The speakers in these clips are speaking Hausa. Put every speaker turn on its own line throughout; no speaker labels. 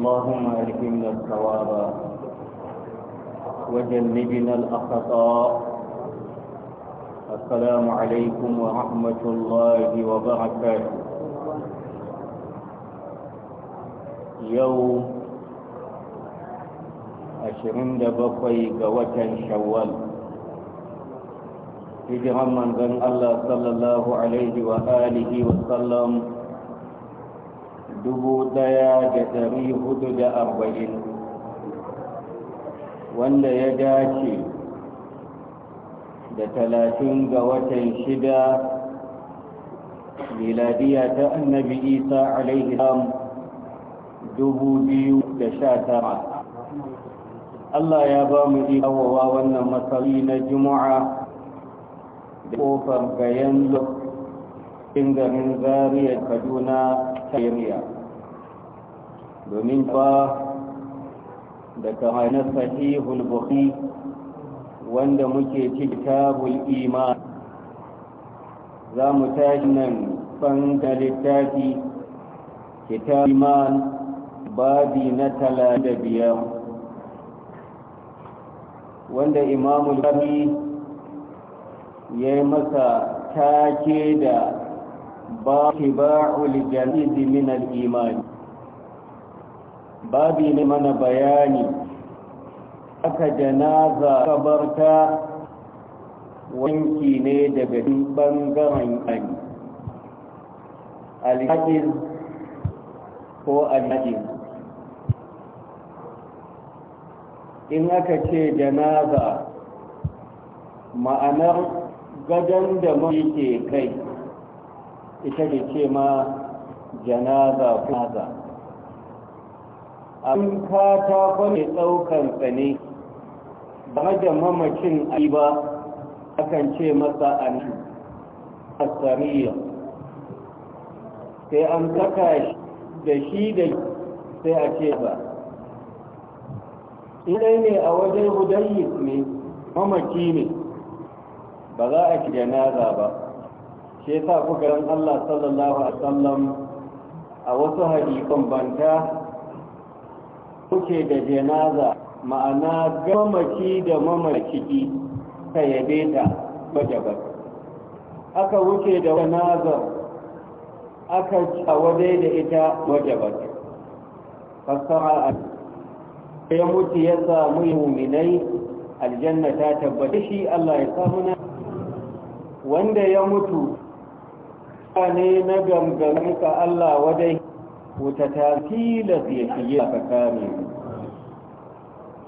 اللهم ارحمنا الصواب وجنبنا الأخطاء السلام عليكم ورحمة الله وبركاته يوم عشرين دبقي قوة شوال هجرا من الله صلى الله عليه وآله وسلم dubu ɗaya da ɗari hudu da arba'in wanda ya dace da talatin ga watan shida miladiya ta annabi isa alaihi salam dubu biyu da sha tara Allah ya ba mu iyawawa wannan masari na juma'a da ƙofar gayan lokacin garin zariyar kaduna ta yariya domin fa da kamar sahihul bukhari wanda muke ci kitabul iman za mu tashi nan fanta littafi kitab iman babi na talatin da biyar wanda imamul bukhari ya yi masa take da ba kiba'ul jami'i min al-imani babi ne mana bayani aka janaza kabarta wanki ne daga duk bangaren ani ko alhajiz in aka ce janaza ma'anar gadon da mai ke kai ita ke ce ma janaza plaza abin katakwa mai ɗaukan tsane ba da mamakin ai ba akan ce masa an asariya sai an saka da shi da sai a ce ba idai ne a wajen hudayi ne mamaki ne ba za a ci janaza ba shi yasa kuka ran Allah sallallahu alaihi wasallam a wasu hadisan banta kuke da janaza ma'ana gamaki da mamaki ta yabe ta bajabar aka wuce da janaza aka tsawade da ita bajabar fassara a ya mutu ya samu muminai aljanna ta tabbata shi Allah ya samu na wanda ya mutu ne na gamgamin ka Allah wadai wuta ta tilas ya shige ka kare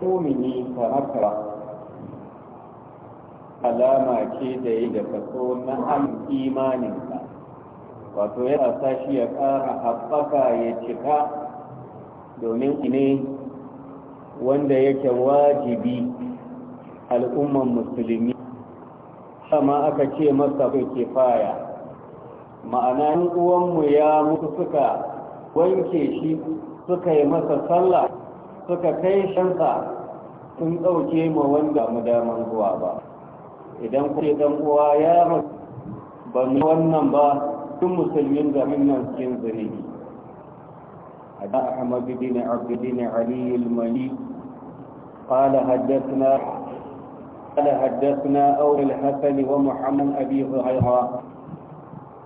mumini kamar alama ce da ya da kaso na an imaninsa wato yana sa shi ya ƙara haɓaka ya cika domin ne wanda yake wajibi al'ummar musulmi sama aka ce masa bai kifaya ma'ana uwanmu ya mutu suka wanke shi suka yi masa sallah suka kai shansa sun ɗauke ma wanda mu daman zuwa ba idan kuke dan uwa ya ba mu wannan ba tun musulmin da nan cikin zunubi da ahmad bin abd bin ali al-mali قال حدثنا قال حدثنا أول الحسن ومحمد أبي هريرة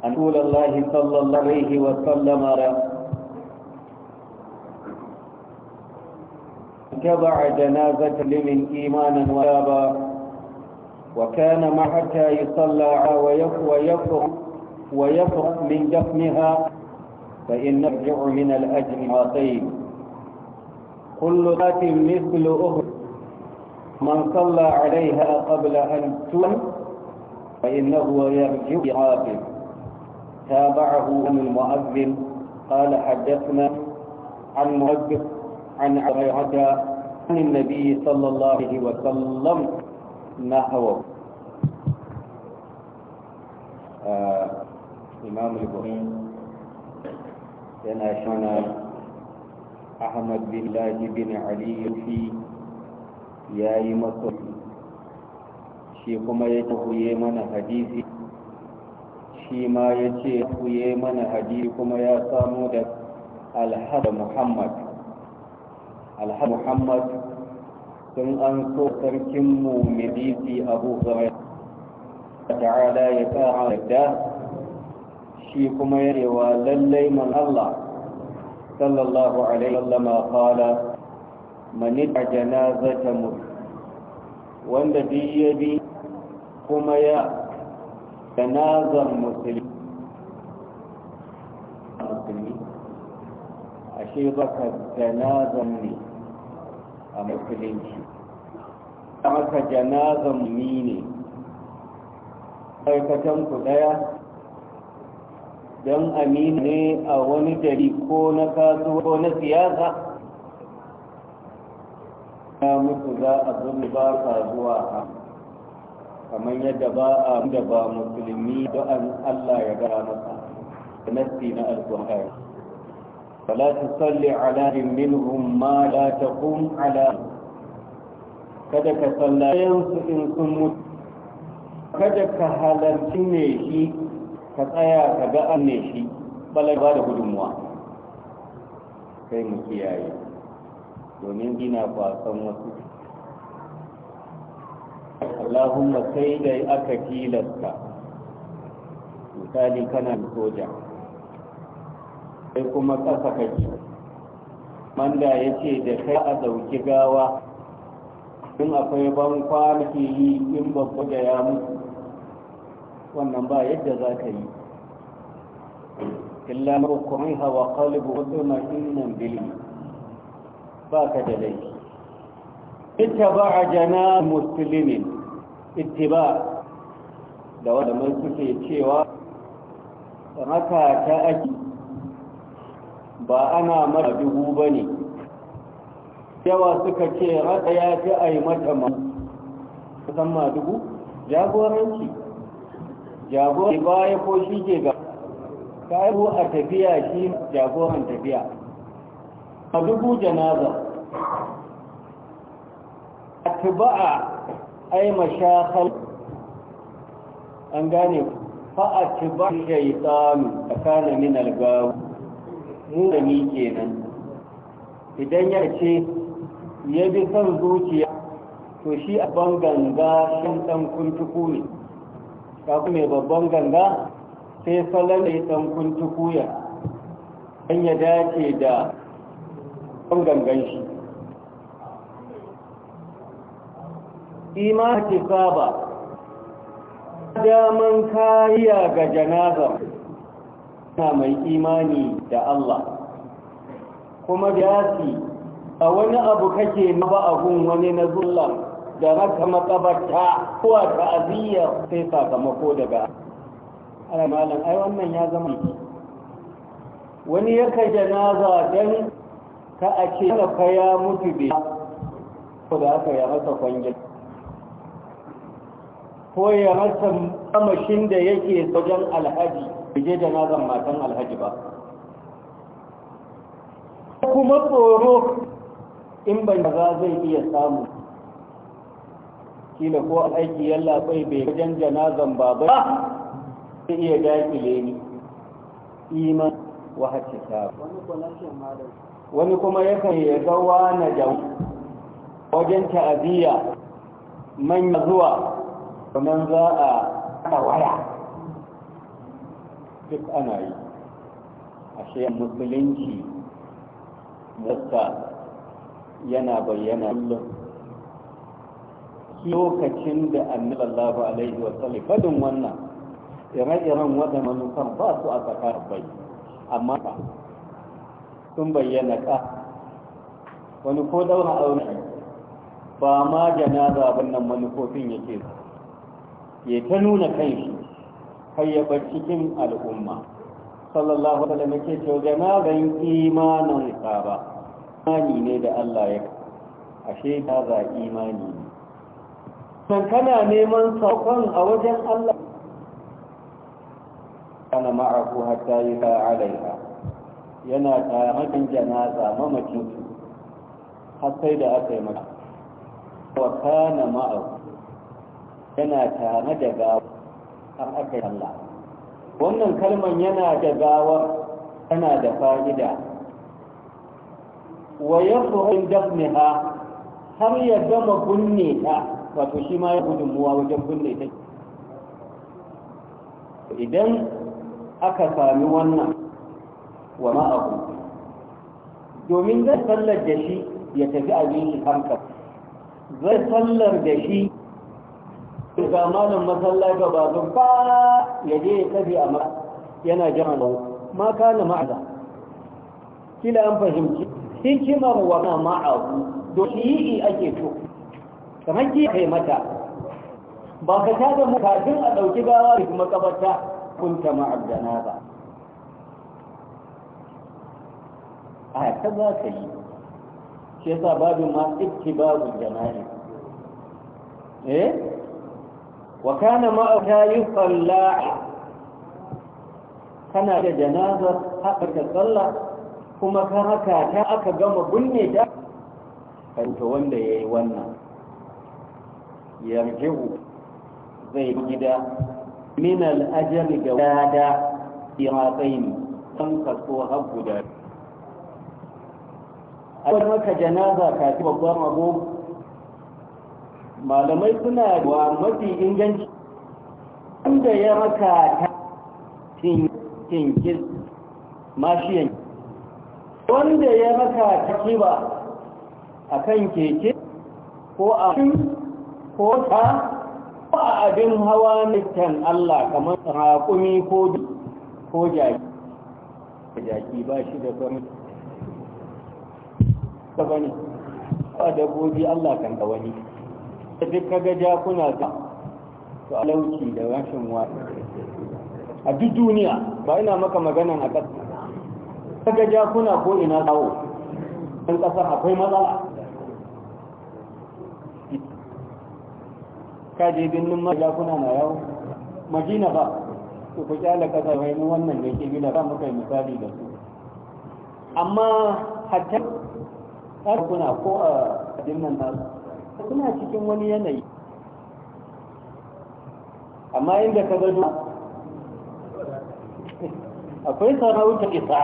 أن رسول الله صلى الله عليه وسلم رأى اتبع جنازة لمن إيمانا وتابا وكان ما حتى يصلى ويفرق ويفرق من جفنها فإن نرجع من الأجل عاطين كل ذات مثل أهل من صلى عليها قبل أن تم فإنه يرجع عاطل تابعه أم المؤذن قال حدثنا عن مؤذن عن عبيرة عن النبي صلى الله عليه وسلم نحوه آه إمام البخاري أنا شنا أحمد بن لاج بن علي في يا مصر shi kuma ya tafuye mana hadisi shi ma ya ce tafuye mana hadisi kuma ya samu da alhada muhammad alhada muhammad sun an so sarkin mu medisi abu zama ta'ala ya kara yadda shi kuma ya cewa lallai man Allah sallallahu alaihi wasallama qala man janazata mu wanda bi kuma ya tanazar musulmi ashe baka tanazar ne a musulunci maka janazan mi ne aikatanku don amina ne a wani dari ko na kasuwa ko na siyasa ya mutu za a zuni ba zuwa ha kamar yadda ba a da ba musulmi don allah ya gara masa nasti na alfahari فلا تصلي على منهم ما لا تقوم على kada ka su in sun mutu kada ka halarci ne shi ka tsaya ka ga an ne shi balaba da gudunmuwa sai mu kiyaye domin gina kwasan wasu Allahumma sai dai aka tilasta misali kana soja sai kuma ƙasa kake manda ya ce da kai a dauki gawa in akwai ban kwanaki yi in babba da ya mutu wannan ba yadda za ka yi illa marukumin hawa kalibu wasu mahimman bilmi ba ka da laifi ita ba a jana musulmin ba. da wadda mai suke cewa haka ta ake ba ana mata dubu ba ne yawa suka ce raɗa ya fi a yi mata ma kusan ma dubu jagoranci jagoranci baya ko shi ke ga kayo a tafiya shi jagoran tafiya a dubu janaza a a ai mashakal an gane fa'a tuba shaitanu tsakanin min algawu ni kenan idan ya ce ya bi son zuciya to shi a ban ganga shan dan kuntuku ne ka kuma babban ganga sai salon da ya dan kuntuku ya an ya dace da ban gangan shi ima saba daman kariya ga janazar na mai imani da Allah kuma yasi a wani abu kake naba abun wani na zulla da raka makabarta ko a aziya sai sakamako daga ana ai wannan ya zama wani ya kai janaza dan ka a ce ka ya mutu bai ko da aka ya masa kwangin ko ya rasa kamashin da yake wajen alhaji je janazan matan alhaji ba kuma tsoro in ban za zai iya samu kila ko aiki yalla bai bai wajen janazan baba zai iya dakile ni iman wa hakki ta wani kuma yakan ya zawa na da wajen ta'aziyya manya zuwa sannan za a kama waya duk ana yi ashe musulunci wasta yana bayyana kullum lokacin da annabi sallallahu alaihi wa sallam fadin wannan ire-iren wadda manufar ba su a tsakar bai amma ba sun bayyana ka wani ko daura aure ba ma janaza wannan manufofin yake ba ya ta nuna kanshi kai ya cikin al'umma sallallahu alaihi wasallam yake cewa jama'a ban imanin ka ba imani ne da Allah ya ashe ta za imani ne san kana neman saukon a wajen Allah kana ma'ahu hatta ta alaiha yana tare da janaza mamacin har sai da aka yi mata wa kana ma'ahu yana tare da gawa har aka Allah wannan kalman yana da gawa tana da fa'ida wa yafru'in dafniha har ya gama gunne ta wato shi ma ya gudunmuwa wajen gunne ta idan aka sami wannan wa ma'abu domin zai sallar da shi ya tafi abin shi hankali zai sallar da shi to ga malam masallaka ba ya je ya a ma yana jiran lau ma kana ma'aza kila an fahimci hikimar wa na ma'abu don yi ake to kamar ki kai mata ba ka ta da mu kafin a ɗauki gawa da kuma kun ta ma'abdana ba a ta za ka yi shi yasa babin ma ittibabu jana'i eh وكان معها يصلى kana da janazar haka ta sallah, kuma ka haka ta aka gama binne ta kanta wanda ya yi wannan yarjihu zai gida min al'ajar da wada iratsaini kan kaso har guda a wani ka janaza ka ci babban abu malamai suna wa mafi inganci inda ya raka ta tinkir mashiyan wanda ya raka ta kiba a kan keke ko a ko ta ba abin hawa nittan Allah kamar raƙumi ko ko jaki jaki ba shi da kwanu ta bane ba da gobi Allah kan da wani duk kaga jakuna ta alauki da rashin waɗi a duk duniya ba ina maka maganan a ƙasa kaga jakuna ko ina tsawo ɗan ƙasa akwai matsala kaje birnin ma jakuna na yawo madina ba su ku kyala ƙasa mai wannan da ke gina ba muka yi misali da su amma hatta kuna ko a jinnan nasu suna cikin wani yanayi amma inda ka gado akwai sarauta isa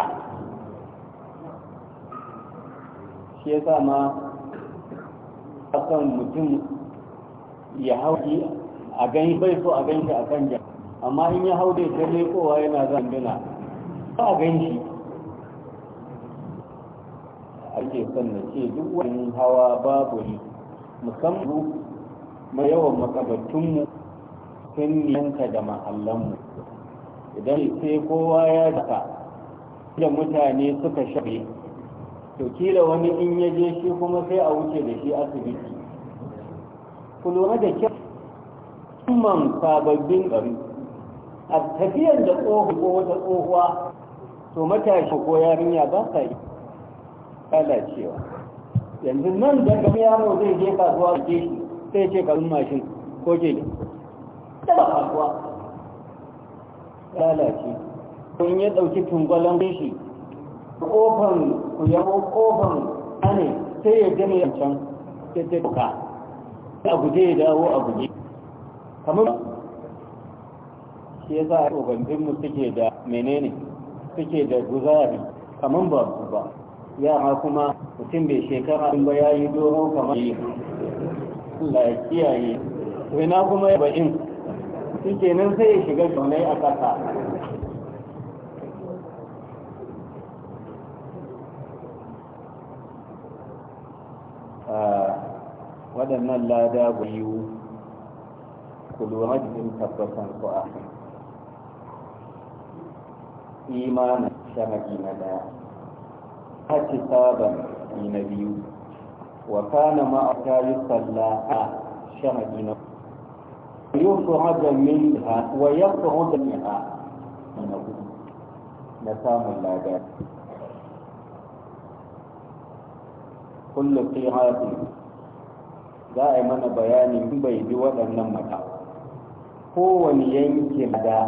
shi ya sa ma kan mutum ya hauki a gani bai so a ganshi a kan jami'a amma in ya hau da ta kowa yana zan gina. ba a gan shi ake son na ce duk wani hawa babu yi musamman mai yawan makabattunmu sun yanka da mahallanmu idan sai kowa ya daka da mutane suka shafe to kila wani in ya je shi kuma sai a wuce da shi asibiti ku lura da kyau musamman sababbin gari a tafiyar da tsohu ko wata tsohuwa to matashi ko yarinya ba sa yi cewa. yanzu nan da gani yaro zai je kasuwa da ke shi sai ce karin mashin ko ke
da ba kasuwa
lalace kun ya ɗauki tungwalon shi kofan ku yawo kofan ne sai ya gani can sai sai buka a guje ya dawo a guje kamar shi ya sa a tsofaffin mu suke da menene suke da guzari kamar ba su ba yara kuma mutum bai shekara in ba ya yi doro kamar yi Allah ya kiyaye rina kuma ya ba'in shi kenan sai ya shiga jaunai a ƙasa waɗannan lada biyu ku lura jin tabbatan su a imanin shamaki na daya hatisaban biyu wa kana ma'aka yi sallaha sha madina yiwu su hada min ha wa yadda hada min ha na samun lagar kullum fi hati za a yi mana bayanin bai bi waɗannan mata kowane yankin da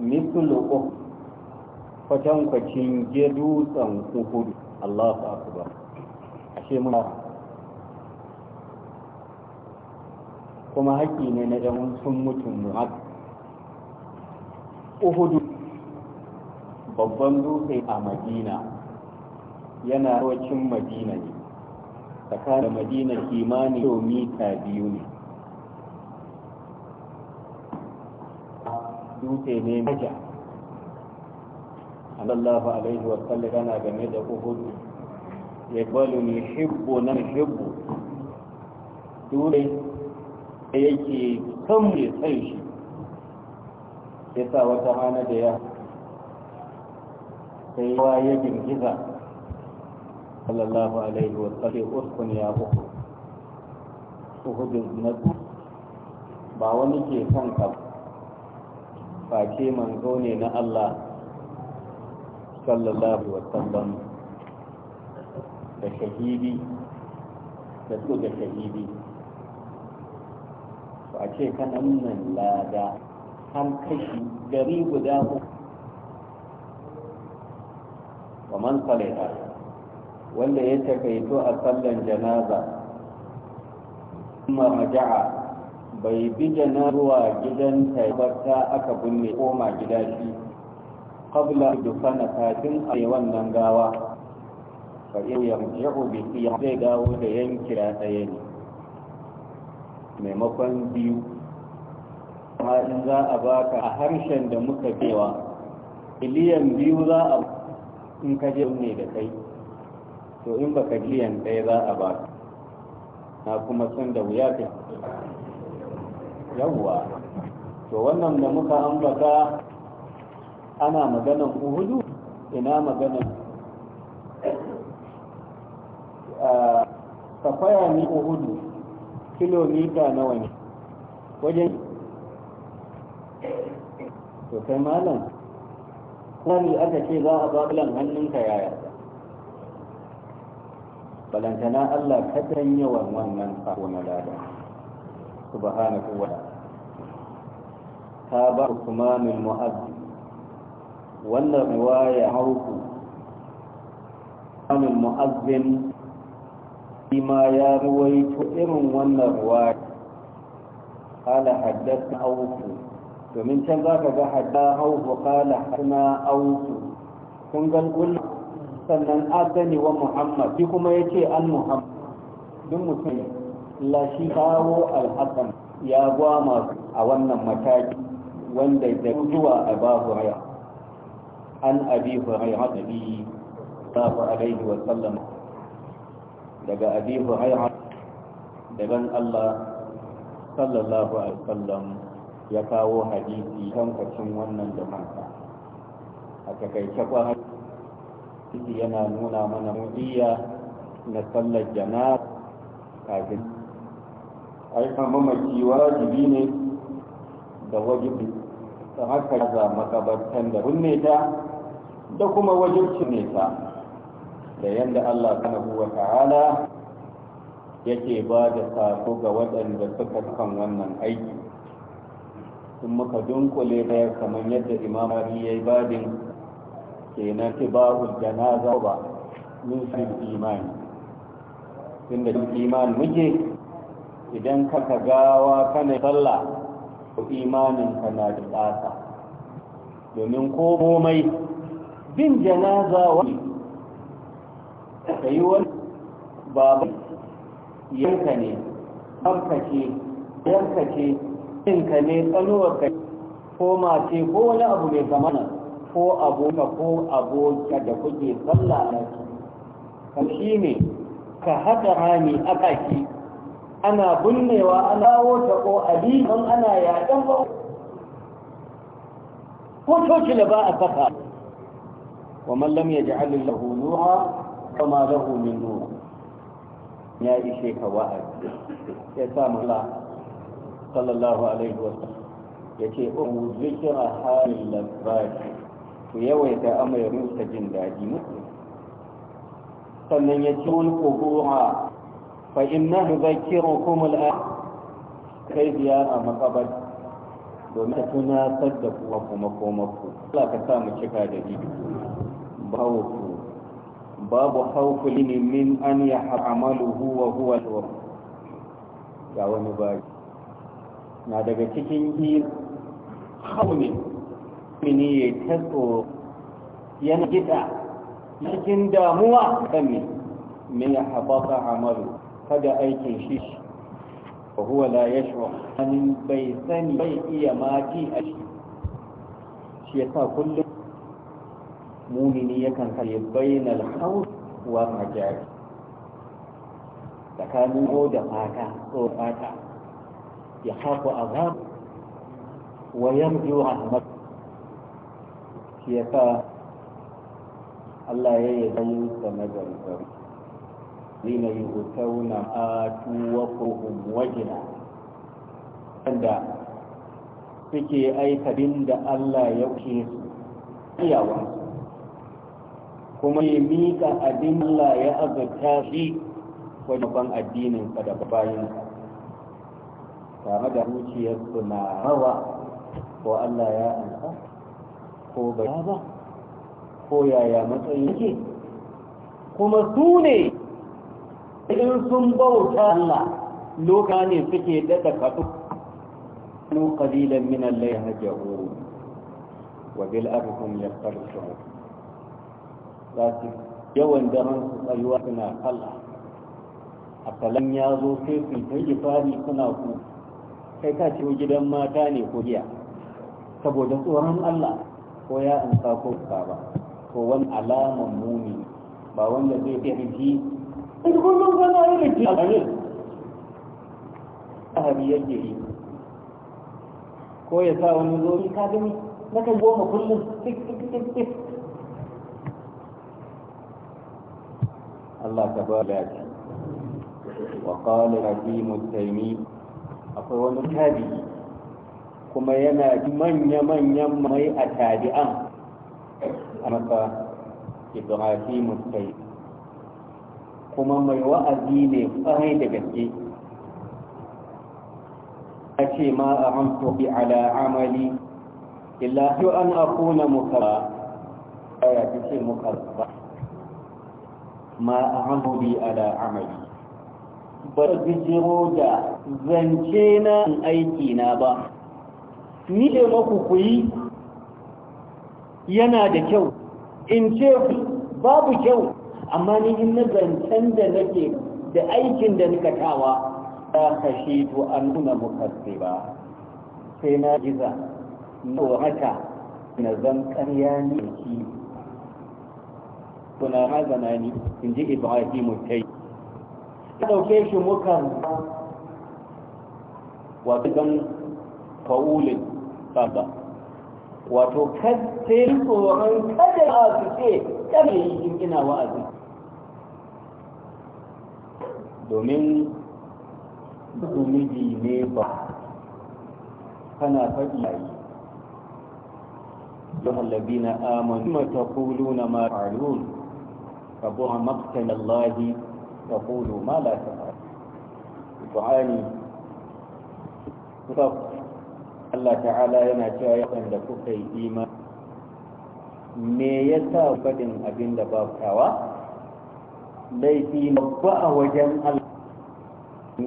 mitulu uku kwatankwacin ya dutsen uhudu Allahu a ashe muna kuma haƙƙi ne na ɗan sun mutum mu haka uhudu babban dutse a madina yana rocin madina ne tsakanin madina kimanin kilomita biyu ne dutse ne maja sallallahu alaihi wa sallam yana game da uhud ya balu ni hibbu nan hibbu dole da yake son ya san shi ya sa wata hana da ya sai wa ya girgiza sallallahu alaihi wa sallam uskun ya uhud uhudin na ba wani ke son ka face manzo ne na Allah sallallahu wasallam da shahidi da su da shahidi ba a ce kanan nan lada har kashi gari guda uku wa man salaiha wanda ya takaito a sallan janaza kuma maja'a bai bi janaruwa gidanta ba ta aka binne koma gida shi qabla dukana kafin a yi wannan gawa fa in yarji'u bi qiyam zai dawo da yankira ɗaya ne maimakon biyu amma in za a baka a harshen da muka bewa iliyan biyu za a in ka je ne da kai to in baka iliyan ɗaya za a baka na kuma san da wuya ka yawwa to wannan da muka ambata ana maganan uhudu ina maganan kafaya ni uhudu kilomita nawa ne wajen to kai malam kwani aka ce za a babulan hannunka yaya balantana Allah ka danya wannan ko na lada subhanahu wa ta'ala ka ba min Mu'azzin wannan riwaya haruku amin mu'azzin shi ma ya ruwaito irin wannan riwaya kala haddasa auku domin can za ka ga hadda hauku kala hana auku sun gan kulla sannan adani wa muhammad shi kuma ya ce an muhammad mutum la shi kawo al'adam ya gwa a wannan mataki wanda da zuwa a babu an abi hurairah nabi sallallahu alaihi wa sallam daga abi hurairah daban Allah sallallahu alaihi wa sallam ya kawo hadisi kan kacin wannan da kanka a takaice kwa hadisi yana nuna mana mu'iyya na sallar jana'a kafin Ai aikan mamaki wajibi ne da wajibi ta haka za makabartan da kunne ta da kuma wajibci ne ta da yadda Allah subhanahu wa ta'ala yake ba da sako ga waɗanda suka kan wannan aiki sun muka dunkule da kamar yadda imam Ali ya yi badin kenan tibahul janaza ba min fi imani tunda iman muke idan ka ka gawa kana sallah to imanin ka na da tsasa domin ko komai bin janaza wani ka yi wani babu yanka ne tsarkace yankace ɗinka ne ka ko mace ko wani abu mai zamana ko aboka ko aboka da kuke sallah na kan shi ne ka haka rami a kaki ana bunnewa ana wata ko abi don ana yaƙen ba ko coci da ba a saka ومن لم يجعل له نورا فما له من نور يا إشيك وعد يا سام الله صلى الله عليه وسلم يتي أم ذكر حال اللبات ويويت أمر jin daji مسلم sannan ya ci wani kogowa fa inna zakiru kumul a kai ziyara makabar domin tunatar da kuma kuma koma ku ka sa mu cika da ido bawo babu haukuli ne min an ya amalu huwa huwa alwar ga wani bari na daga cikin yi haunin mini ya tatso yana gida cikin damuwa kame min ya haɓaka amalu kada aikin shi ba huwa la ya shi bai sani bai iya maki a shi shi ya sa kullum mumini yakan kai bainal khawf wa majari tsakanin ko da fata ko fata ya haku azab wa yarju rahmat shi yasa Allah ya yi bayin sa na gargari lina yi hutauna atu wa kuhum wajina wanda suke aikabin da Allah ya ke su iyawansu kuma ya miƙa abin Allah ya azurta shi wajen addininsa da bayansa tare da zuciyarsu na rawa ko Allah ya ansa ko bai ba ko yaya matsayin ke kuma su ne in sun bauta Allah loka ne suke daɗa kaɗu nu qalilan min al-layl hajahu wa bil arhum yaqtarishu za su yawan daren su tsayuwa suna kalla. a kalan ya zo sai su ta yi fari suna ku kai ka ciwo gidan mata ne ko giya saboda tsoron Allah ko ya an sako ka ba ko wani alaman muni ba wanda zai fi rigi
in kullum kana yi
yi ko ya sa wani zo ka
gani na kan goma kullum tik tik tik tik
Allah ta ba lafi wa qala hakim taimi akwai wani tabi'i kuma yana manya manyan mai a tabi'an a maka Ibrahim taimi kuma mai wa'azi ne kwarai da gaske a ce ma a hantu bi ala amali illa an akuna mukara ya fi ce mukara ma amuri ala amali bar gijiro da zance na aiki na ba ni da maku kuyi yana da kyau in ce babu kyau amma ni in na zancen da nake da aikin da nika tawa ta kashe to an nuna mukassi ba sai na jiza na wata na zan ƙarya ne ki kuna raza nani inji ibrahimu ibrahim kai ya shi muka wato don fa'ulin baba wato kasir an kada a su ce kada yi ina wa'azi domin zumiji ne ba kana faɗi yayi يا الذين آمنوا ما تقولون ما تعلون kabura maktan Allahi ta kulu ma la ta fara Qur'ani Allah ta'ala yana cewa da kuka yi imani me ya yasa faɗin abin da ba kawa laifi babba a wajen Allah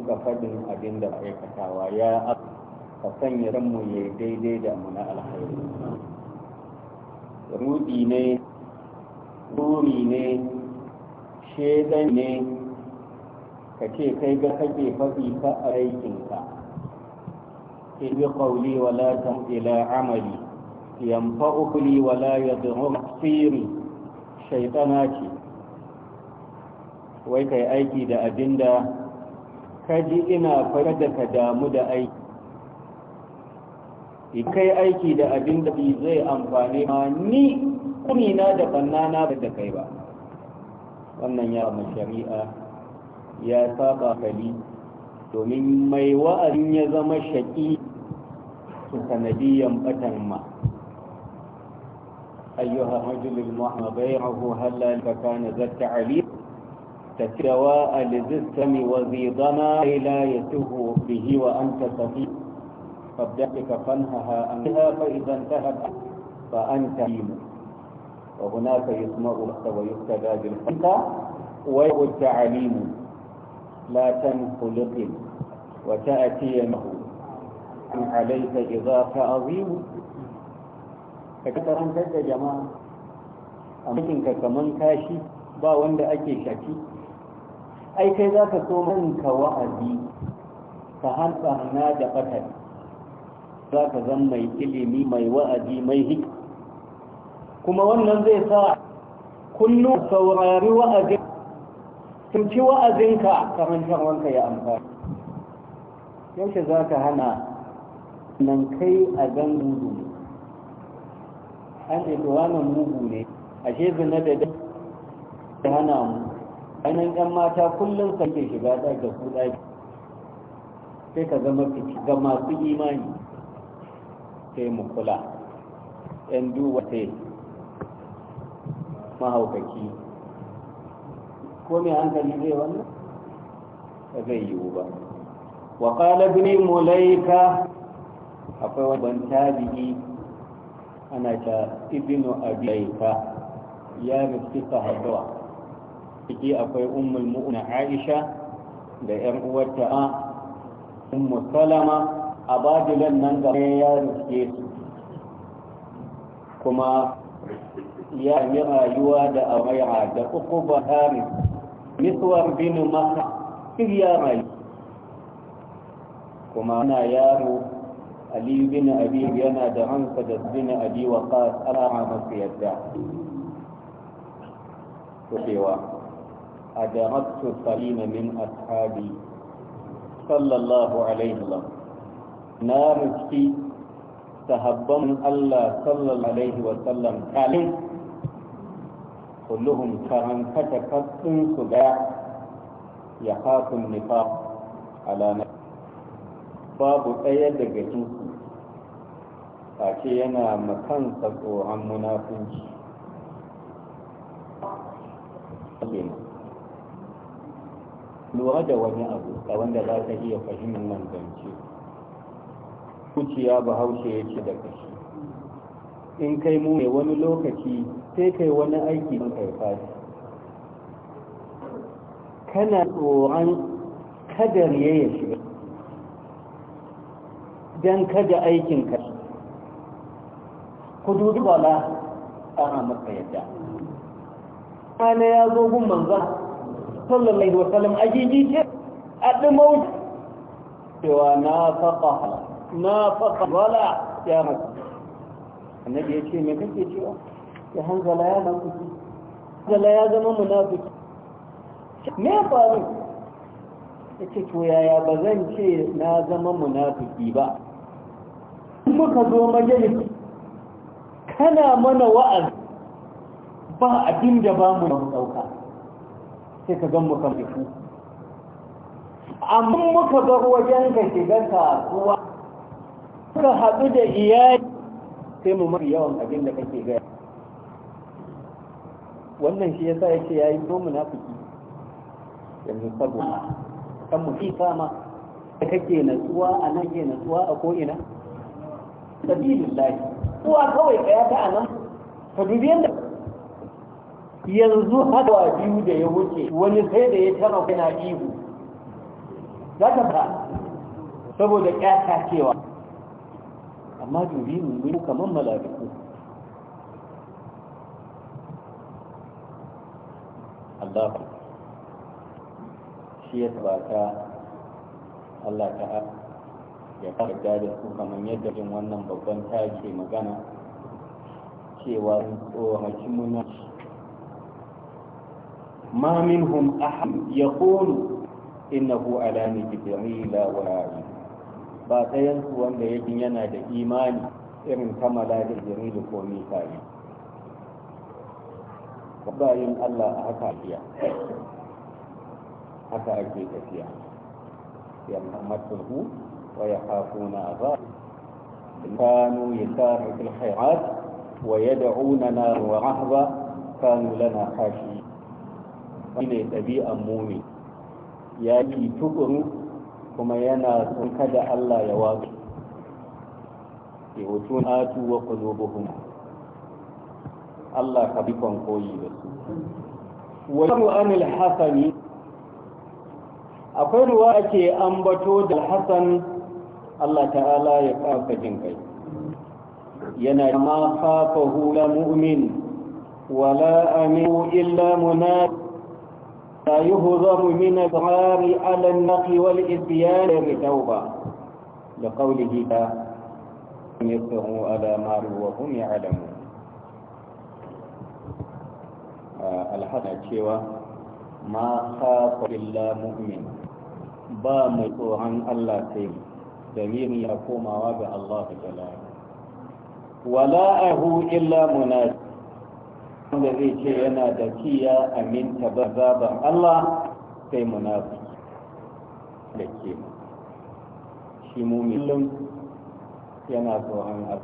ka faɗin abin da aikatawa ya ka sanya ranmu ya daidai da mu na alhairi rudi ne ruri ne shedan ne ka ce kai ga kake faɗi ka a aikinka ke bi ƙauli wala ta ila amali yamfa ukuli wala ya zama tsiri shaitana ce wai kai aiki da abinda kaji ina fara da ka damu da aiki kai aiki da abin da zai amfani ma ni kunina da bannana ba da kai ba wannan ya rama shari'a ya saba kali domin mai wa'azin ya zama shaƙi su sanadiyan batan ma ayyuha rajulul mu'abayrahu halal ka kana zatta ali تتواء للزسم وذي ضنا لا يسه به وأنت صفي فابدأك فانهها أنها فإذا انتهت فأنت هيمك وهناك يسمع ويقتدى بالخلق ويقول التعليم لا تنخلق وتأتي معه عليك إضافة عظيم فكتران تجد جماعة أمكنك كمن كاشي با وند أكي شكي أي كذا كتومنك وأذي فهل فهنا دقتك za ka zan mai ilimi mai wa'azi mai hikima kuma wannan zai sa kullum saurari wa'azin tunci wa'azinka karantar wanka ya amfani yaushe za ka hana nan kai a gan an yi wannan mugu ne ashe zina da da hana mu ainihin 'yan mata kullum sake shiga da su ɗaki sai ka zama ga masu imani sai mu kula 'yan duwa sai mahaukaci ko mai hankali zai wannan ba zai yiwu ba wa qala mulaika akwai wani tabi'i ana ta ibn abilaika ya rufi sahabawa ciki akwai ummul mu'mina aisha da yan uwarta a ummu salama abadilan nan gaba ya rufe su kuma ya yi rayuwa da amaira da uku bahari miswar bin maka ya rayu kuma na yaro ali bin abi yana da hansa da bin abi wa qas ala masu yadda kubewa a da masu salina min ashabi sallallahu alaihi wa na riski sahabban Allah sallallahu alaihi wa sallam kalin kulluhum karan kada kaddin su daya ya nifa a ala babu ɗaya daga cikinsu face yana makansa tsoron munafunci lura da wani abu da wanda za ka iya fahimtar zance kuciya bahaushe ya ce da kashi in kai mu wani lokaci sai kai wani aiki in kai fashi kana tsoron kadar ya shiga don kada aikin ka ku dubi bala a maka yadda ana ya zo gun manza sallallahu alaihi wasallam a jiji ce a ɗimau cewa na faƙa na faƙa wala ya mace annabi ya ce me kake cewa ya hanzala ya kuɗi. hanzala ya zama munafiki me ya faru ya ce to yaya ba zan ce na zama munafiki ba muka zo majalis kana mana wa'az ba abin da ba mu ɗauka sai ka gan mu kan fiku amma muka ga wajen ka shiga kasuwa ka haɗu da iyali sai mu mafi yawan abin da kake gaya wannan shi yasa yake yayi na fiki yanzu saboda ah. kan mu fifa ma da kake natsuwa a nan ke natsuwa a ko ina lafi
kuwa kawai kaya ta nan
ka dubi yadda yanzu haka biyu da ya wuce wani sai da ya tara kuna ihu za ka fara saboda ƙyata cewa amma dubi mu kamar mala'iku Allah shi ya tabata Allah ta ya fara da su kamar yadda jin wannan babban take magana cewa tsohaki muna ma minhum ahad yaqulu innahu ala jibril wa ra'i ba ɗayan su wanda yake yana da imani irin kamala da jibril ko mika'il bayin Allah a haka biya haka ake tafiya ya muhammadu wa ya hafuna azab كانوا يسارعون في الخيرات ويدعوننا ne ɗabi'an muni? ya ki tukuru kuma yana son kada Allah ya waƙi ke hutun atu wa qulubuhum Allah ka bi koyi da su wani anil hasani akwai ruwa ake ambato da hasan Allah ta'ala ya kafa jin kai yana ma kafa hula mu'min wala aminu illa munaf la yuhzamu min al-ghari ala an-naqi wal isyan bi tawba da qawlihi ta yasmu ala ma wa hum ya'lamun alhana cewa ma khafa illa mu'min ba mai tsoron Allah sai damiri ya komawa ga Allah ta'ala wala ahu illa munafiq wanda zai ce yana da kiya aminta ba zaban Allah sai munafi. da ke shi mu'min yana tsoron Allah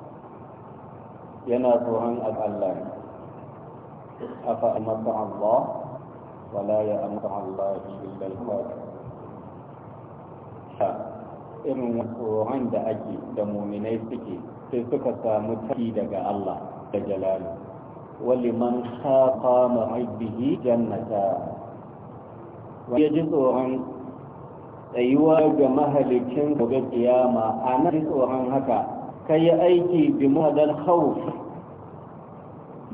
yana tsoron Allah أفأمت الله ولا يأمت الله إلا الخاسر irin tsoron da ake da muminai suke sai suka samu taki daga Allah da jalali wali man khafa ma'ibbihi jannata wa ya tsoron tsayuwa ga mahalicin gobe kiyama a nan tsoron haka kai aiki bi muhadal khawf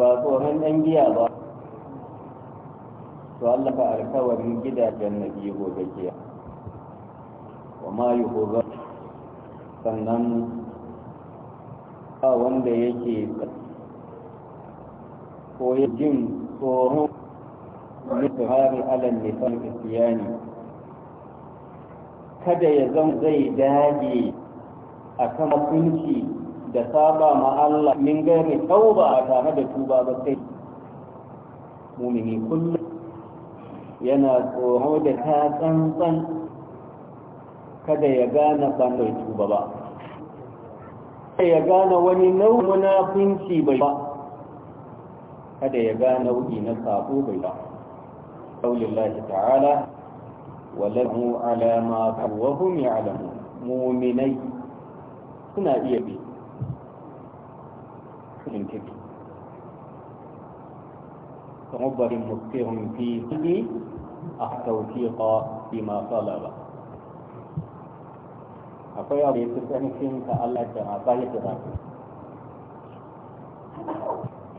ba tsoron ɗan giya ba to Allah ba alkawarin gidajen na biyu gobe giya wa ma yi gobe sannan ba wanda yake ko ya jin tsoron har alal nisan isiyani kada ya zan zai dage a kan kunci da saba ma Allah min gani tauba a tare da tuba ba sai mumini kullum yana tsoro da ta tsantsan kada ya gane ban da tuba ba kada ya gane wani nau'in munafinci bai ba kada ya gane nau'i na sabo bai ba qaulillahi ta'ala walahu ala ma kawahum ya'lamu mu'minai suna iya bi fi ربه a فيه fi masu alaba akwai abu ya fi ka Allah da ba ya kira ku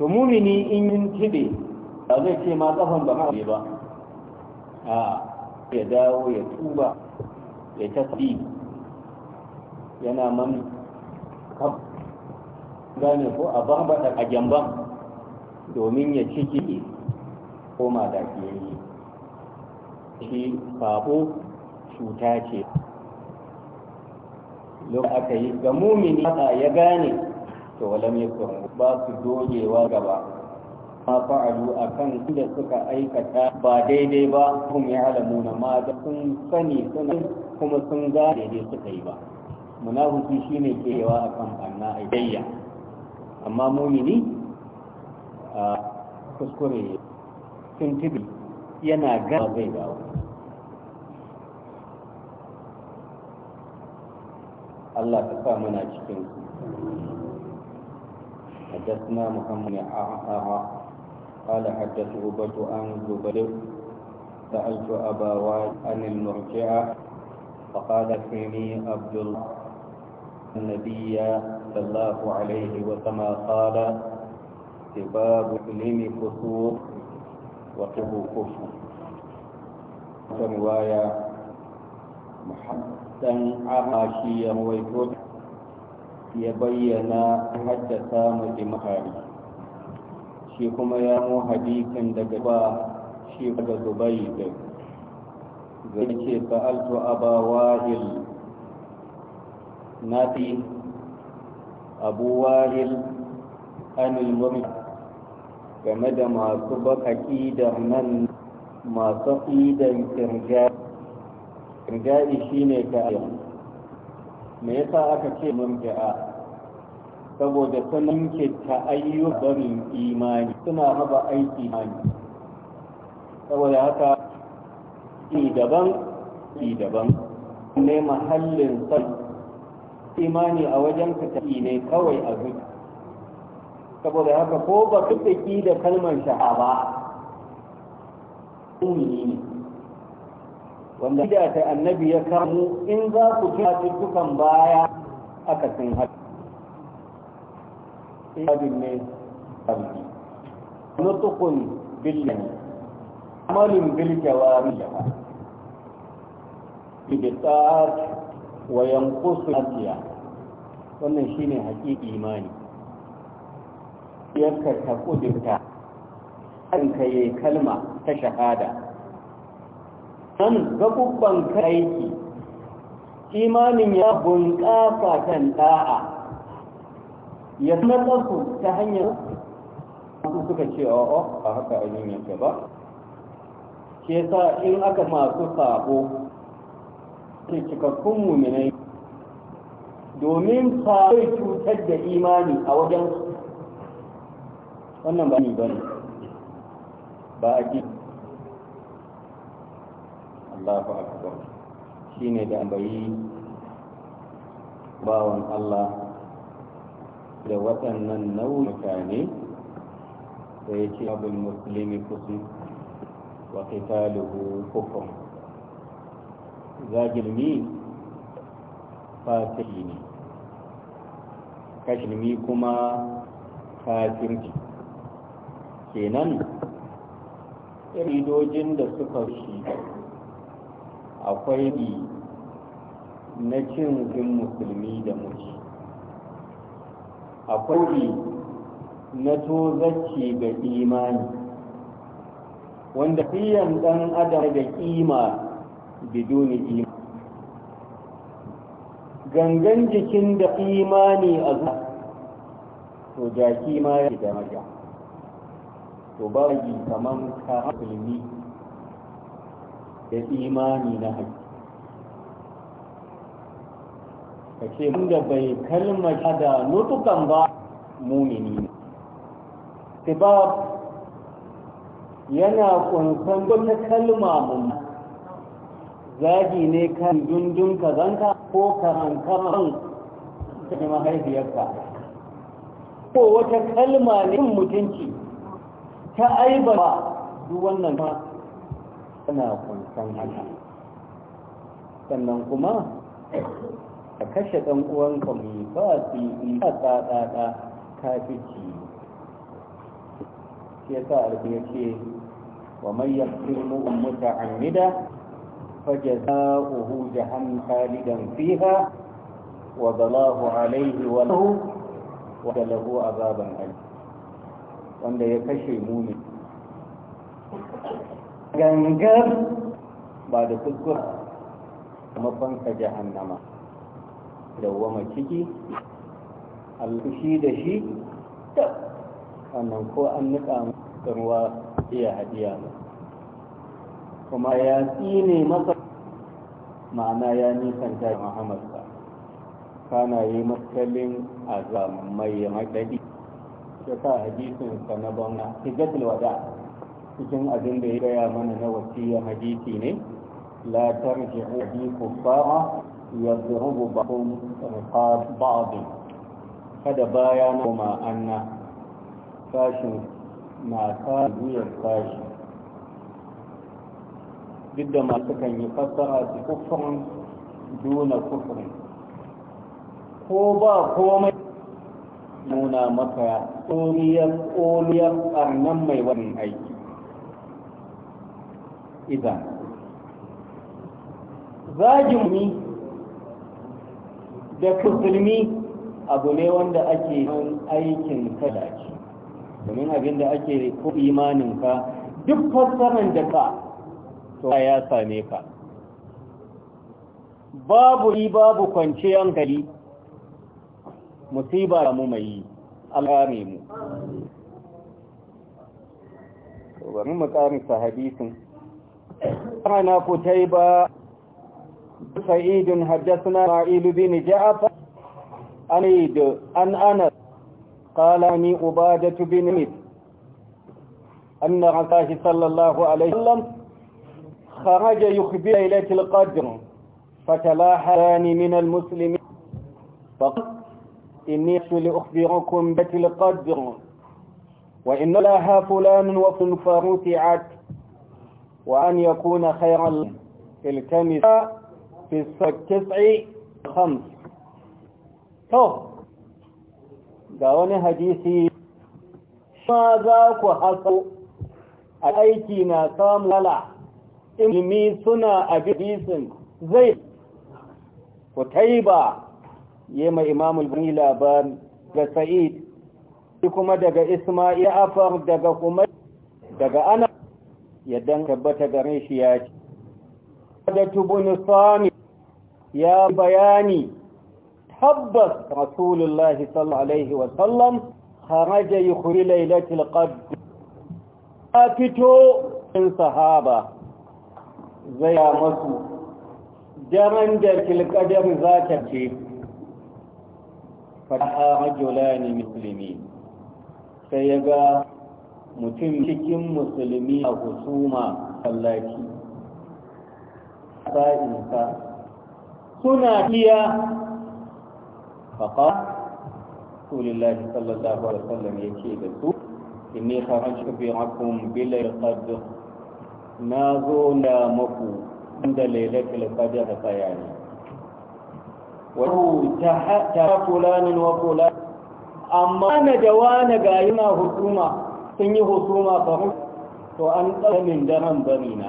to mumini in yin tibe ba zai ce ma tsohon ba ma ba a ya dawo ya tuba ya tasiri yana mani gane ko a bambata a gyamban domin ya ciki koma da yi. shi sabo cuta ce lokacin aka yi ga mumini ya gane to mai ya ba su dogewa gaba ma fa'alu akan inda suka aikata ba daidai ba kuma ya halamu na ma da sun sani suna kuma sun ga daidai suka yi ba munafiki shine kewa akan banna aidayya أما مؤمني كسكري آه، تنتبه ينا غازي الله تسا منا حدثنا محمد آها آه، آه، قال حدثه بدء عن زبير سألت أبا عن المرجعة فقال فيني عبد الله النبي صلى الله عليه وسلم قال سباب إلم فسوق وقبو كفر رواية محسن عهاشي ويتوب يبين حدث مجمعاري shi kuma ya mu hadisin daga ba shi daga zubai da zai ce sa'altu aba wahil na fi abu wahil anil wani game da masu baka ƙidar nan masu ƙidan kirgari kirgari shi ne ka me yasa aka ce murji'a saboda sanin ta ayyukan imani suna raba aiki imani saboda haka ƙi daban ƙi daban ne mahallin sai imani a wajen ka tafi ne kawai a zuci saboda haka ko ba ka tafi da kalmar shahaba umini ne wanda da ta annabi ya kamu in za ku ci tukan baya aka sun haka ibadin ne sabbi nutukun billan amalin bil jawari da bi ta'at wa yanqusu nasiya wannan shine haƙiƙi imani yarka ta kudinta an ka kalma ta shahada an gabubban aiki imanin ya bunƙasa kan da'a ya matsaku ta hanyar su suka ce o'o a haka ainihin yake ba ke sa in aka masu sabo ke cikakkun muminai domin fa cutar da imani a wajen wannan ba ni ba ne ba a ji Allahu akbar shine da bayi bawan Allah da waɗannan nau'in mutane da ya ce abin musulmi kusur wa kitaluhu hukum zagilmi fasiri ne kashilmi kuma kafirci kenan iridojin da suka shi akwai bi na cin zin musulmi da muci akwai bi na tozarci ga imani wanda fiyan dan adam da kima biduni iman gangan jikin da imani a zuwa to jaki ma ya da maja to ba yi kaman ka musulmi da imani na haƙi ka ce da bai kalmar da nutukan ba mumini ne yana kunsan wata kalma mumini zagi ne kan dundun zanka ko karankaran cikin mahaifiyarka ko wata kalma ne mutunci ta aiba ba duk wannan ba tana kunsan haka sannan kuma ka kashe ɗan uwanka mai ba su yi ta tsatsatsa kafici shi ya sa ya ce wa mai firmu umar muta amida فجزاؤه جهنم خالدا فيها وبلاه عليه وله وله عذابا أليما wanda ya kashe muni gangar ba da kuskura mafanka jahannama dawwama ciki alkushi da shi wannan ko an nika ruwa iya hadiya kuma ya tsine masa ma'ana ya nisan da ba kana yi matsalin azamai maɗaɗi ya sa hadisinsa na bauna hijjatul wada cikin abin da ya gaya mana na wasiya hadisi ne la tarji'u bi kuffara yadrubu ba'dhum riqab ba'd kada baya na kuma anna Sashen na ka biyar sashi duk da masu kan yi fassara su kufurin duna kufurin ko ba komai nuna maka tsoriyar ƙoliyar ɓarnan mai wani aiki idan zagin da kusulmi abu ne wanda ake yin aikin ka da domin abin da ake ko imaninka duk fassarar da ka to ya same ka babu yi babu kwance hankali musiba mu mai alƙare mu bari mu ƙarisa hadisin rana ku ta yi ba sa'idin haddasa ma'ilu bin ja'afa an yi da an anas ƙala ni da bin mit an na rasashi sallallahu alaihi sallam خرج يخبر ليلة القدر فتلاحقان من المسلمين فقال إني لأخبركم بيت القدر وإن لها فلان وفن فرتعت وأن يكون خيرا التمس في التسع خمس طب دعوني حديثي ماذا كحصل أيتنا ناسام ولا ilmi suna abisin zai Ku taiba ya ma imamul bani labar ga sa'id kuma daga isma'il afar daga kuma daga ana yadda tabbata gare shi ya ce da tubun sami ya bayani tabbas rasulullah sallallahu alaihi wasallam kharaja yukhri lailatul qadr a fito in sahaba zaya masu daren da kilkadar za ta ce fata rajulani musulmi sai ya ga mutum cikin musulmi a husuma tsallaki sa'insa suna iya faƙa rasulillahi sallallahu alaihi wasallam ya ce da su inni kharajtu bi'akum bil qadr na zo na maku da lailatul qadr bayani wa ta fulanin wa fulan amma na da wani ga yana hukuma sun yi husuma fa to an tsamin daren barina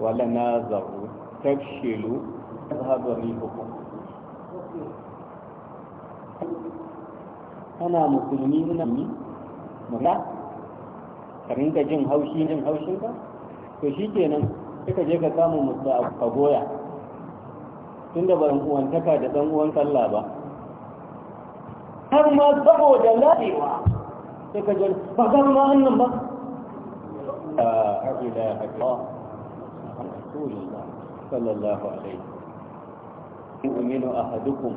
wala na zaru tafshilu zahabari hukum ana musulmi na mi mula ka rinka jin haushi jin haushin ka to shi kenan nan, je ka samu musu ka goya tunda ba uwantaka da ɗan uwan kalla ba
har ma saboda ladewa sai ka jan ba ga ma annan ba
ya a da la ilaha illallah ba, sallallahu alaihi يؤمن أحدكم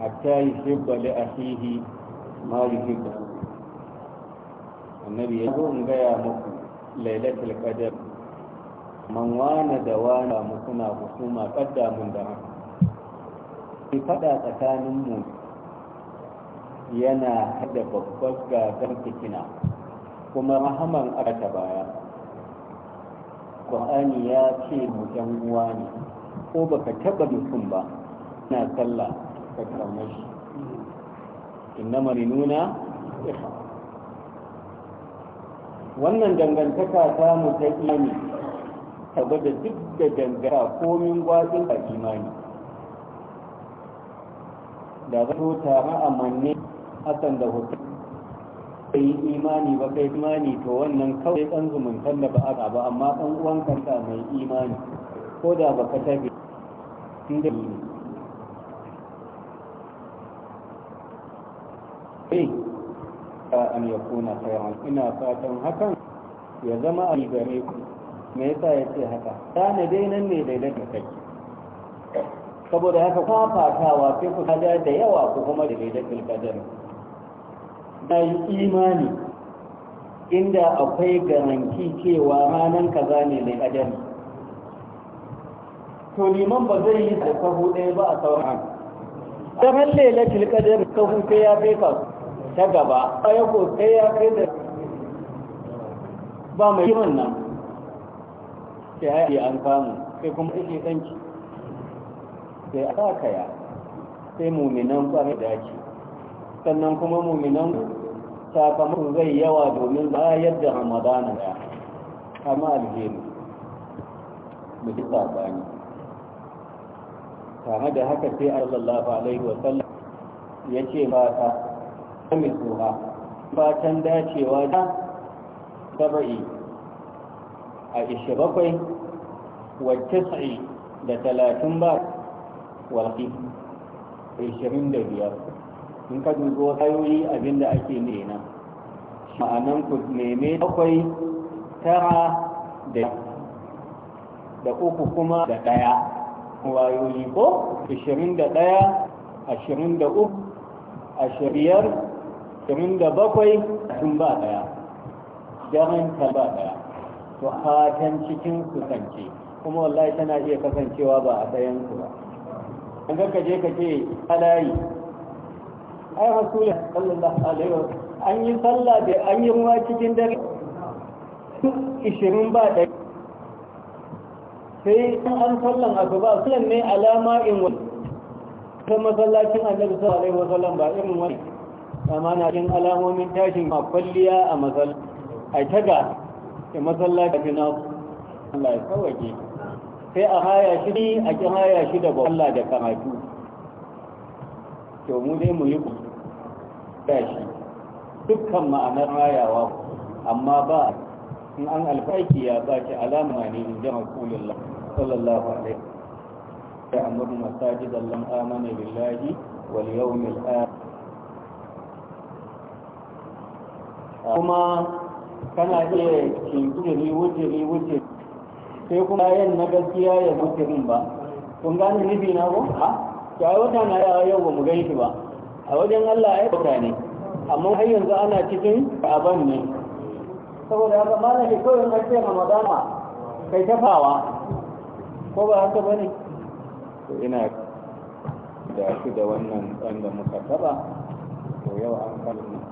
حتى يحب لأخيه ما يحبه annabi ya zo in gaya muku lailatul qadar man wana da wana mu suna husuma kadda mun da haka fada tsakanin mu yana hada babbar gagar fitina kuma rahaman arata baya Qur'ani ya ce mu ɗan uwa ne ko baka taba mutum ba na sallah ka kauna
shi
innama nuna wannan dangantaka ta mu ta imani ta gwada duk da dangara komin gwazin a imani da su tare a manne hasan da hutu ka yi imani ba kai imani to wannan kawai ɗan zumuntar da ba a ba amma ɗan uwan kanta mai imani ko da ba ka tabi inda yi ne asa an yakuna khairan ina fatan hakan ya zama a gare ku me yasa ya ce haka tana dai nan ne da da kai saboda haka fafatawa sai ku kada da yawa ku kuma da daidai kadar na yi imani inda akwai garanti cewa ranar kaza ne da kadar to liman ba zai yi da sahu ɗaya ba a sauran daren lailatul qadar sahu sai ya fefa su ta gaba ɗaya ko sai ya kai da ba mai kiman nan sai ya yi an samu sai kuma ake ɗanki sai a kaya sai muminan kwarai da ake sannan kuma muminan sakamakon zai yawa domin ba yadda ramadana ya kama alheri mu ji sabani tare da haka sai arzallafa alaihi wasallam ya ce ba ta mitsuha fatan dacewa da saba'i a ishe bakwai wacce tis'i da talatin ba walƙi ishirin da biyar in ka dubo hayoyi abinda ake nena ma'anan ku neme bakwai tara da da uku kuma da daya wayoyi ko ishirin da daya ashirin da uku ashiriyar kamin da bakwai sun ba daya jamin ta ba daya to hatan cikin su kance kuma wallahi tana iya kasancewa ba a tsayen su ba an ga kaje kaje alayi ay rasulullah sallallahu alaihi wasallam an yi sallah da an yi ruwa cikin dare Su 20 ba daya sai an an sallan asuba sallan ne alama in wani kuma masallacin annabi sallallahu alaihi wasallam ba irin wani amma na jin alamomin tashin a kwalliya a matsal a taga da matsala da fina Allah ya kawage sai a haya shi ne a ki haya shi da ba Allah da karatu to mu dai mu yi ku tashi dukkan ma'anar rayawa amma ba in an alfaki ya ba ki alama ne in ji rasulullah sallallahu alaihi wa sallam ya amuru masajid Allah amana billahi wal yawmil akhir kuma kana iya kinkiri wujiri wujiri sai kuma yin na gaskiya ya wujirin ba kun gane nufi na ko ha to ai wata na yawa yau ba mu gani shi ba a wajen Allah ai wata ne amma har yanzu ana cikin abin ne saboda haka malami kawai na ce ramadana kai tafawa ko ba haka ne? Ko ina da shi da wannan ɗan da muka taba to yau an kalmi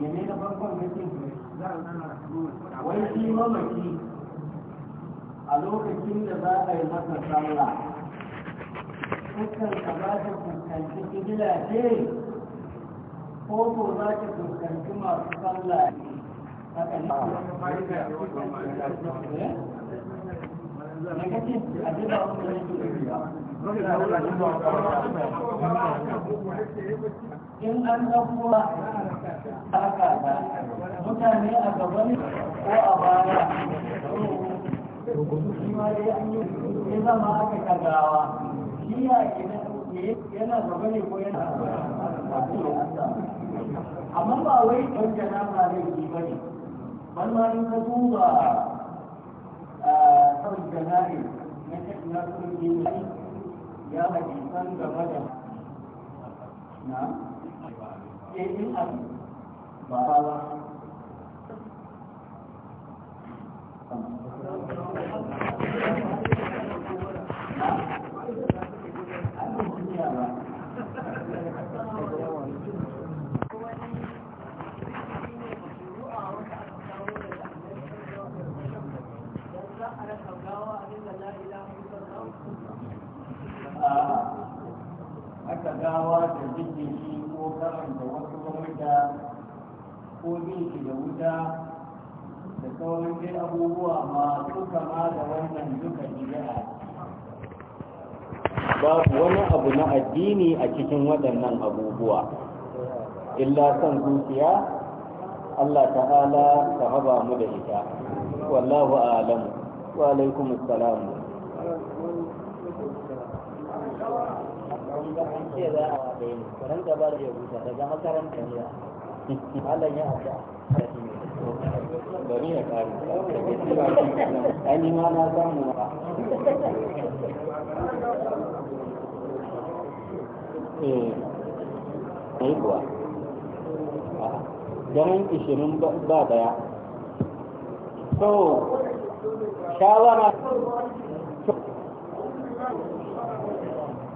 yane na farkon
na wai shi mamaki a lokacin da za a yi masa sallah ka za ta fuskanci kibila
ce ko ko za ta fuskanci masu sallah haka ne na kace a jira wani ne ke da biya in an ɗauko haka ba mutane a gaban ko a baya shi ma dai an yi ya zama aka kagawa
shi ya yana gaba ne ko yana amma ba wai ɗauke na ma laifi ba ne ban ma in ka duba sau jana'i na cikin na ya hadisan gaba da
na sai in abu ba ba ba
aka gawa da jikin shi ko karanta wasu wanda ko jinki da wuta da sauran dai abubuwa masu kama da wannan duka bid'a babu wani abu na addini a cikin waɗannan abubuwa illa san zuciya Allah ta'ala ta haba mu da ita wallahu a'lam wa alaikumus salam
an ce za a waɗe
ne karan ba da ya huta daga makaranta ne malam ya haɗa bari ya ma na samu ba
eh ai kuwa
ganin ishirin ba
daya so shawara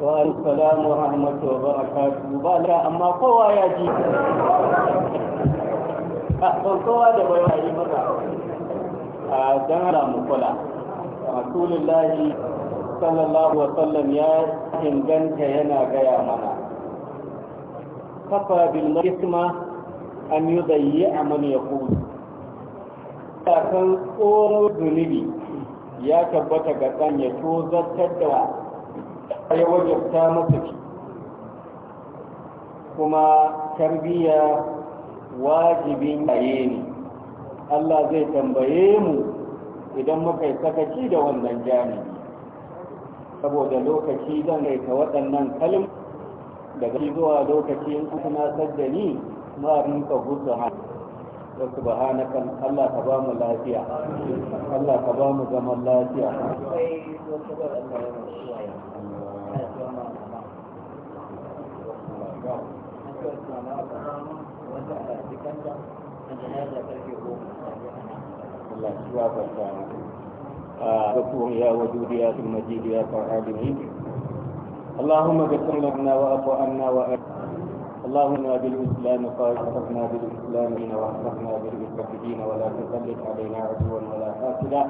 wa alsalamu rahmatu wa barakatu ba da amma kowa ya ji
ban kowa da bai wayi maka
a dan ala mu kula rasulullahi sallallahu wa sallam ya inganta yana gaya mana kafa bil isma an yudayyi ya yaqulu kan tsoron zunubi ya tabbata ga ɗan ya tozartar da ya wajabta masu ci. kuma tarbiyya wajibin yaye ne Allah zai tambaye mu idan muka yi sakaci da wannan janibi saboda lokaci zan raita waɗannan kalm daga zuwa lokacin suna sajjani ma rinka gusa hannu وسبحانك الله تبارك لافيا الله تبارك كما لافيا يا ودودي يا المجيد يا فعالين اللهم قسم لنا وأطعنا وأكرمنا اللهم بالإسلام قائفتنا بالإسلامين واحفظنا بالمستفدين ولا تسلط علينا عدوا ولا حاسدا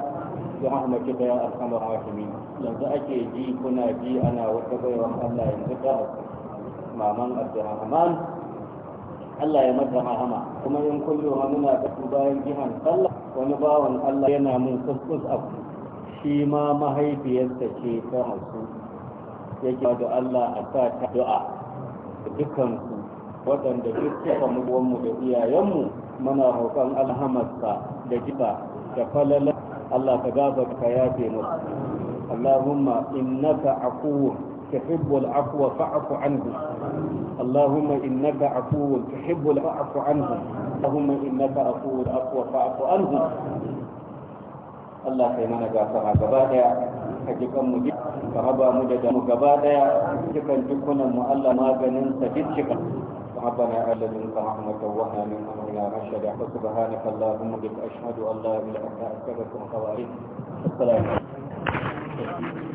برحمتك يا أرحم الراحمين yanzu ake ji kuna ji ana wata baiwar Allah yanzu ta maman Abdurrahman Allah ya mata rahama kuma in kullu muna da bayan jihan sallah wani bawan Allah yana mun kuskus abu shi ma mahaifiyarsa ce ta rasu yake da Allah a sa dukkan waɗanda duk suka mu da iyayenmu muna roƙon alhamarsa da kifa da falala Allah ka gafarta ka yafe musu Allahumma innaka aquwwun tuhibbul afwa fa'fu anhu Allahumma innaka aquwwun tuhibbul afwa anhu Allahumma innaka aquwwun afwa fa'fu anhu Allah kai mana gafara gaba daya ka ji kan mu ka raba mu da mu gaba daya cikin dukkanin mu Allah maganin sa dukkan ربنا ألا منك رحمة وهنا من أمرنا رشدا فسبحانك اللهم بك أشهد أن لا إله إلا أنت أستغفرك
وأتوب إليك السلام عليكم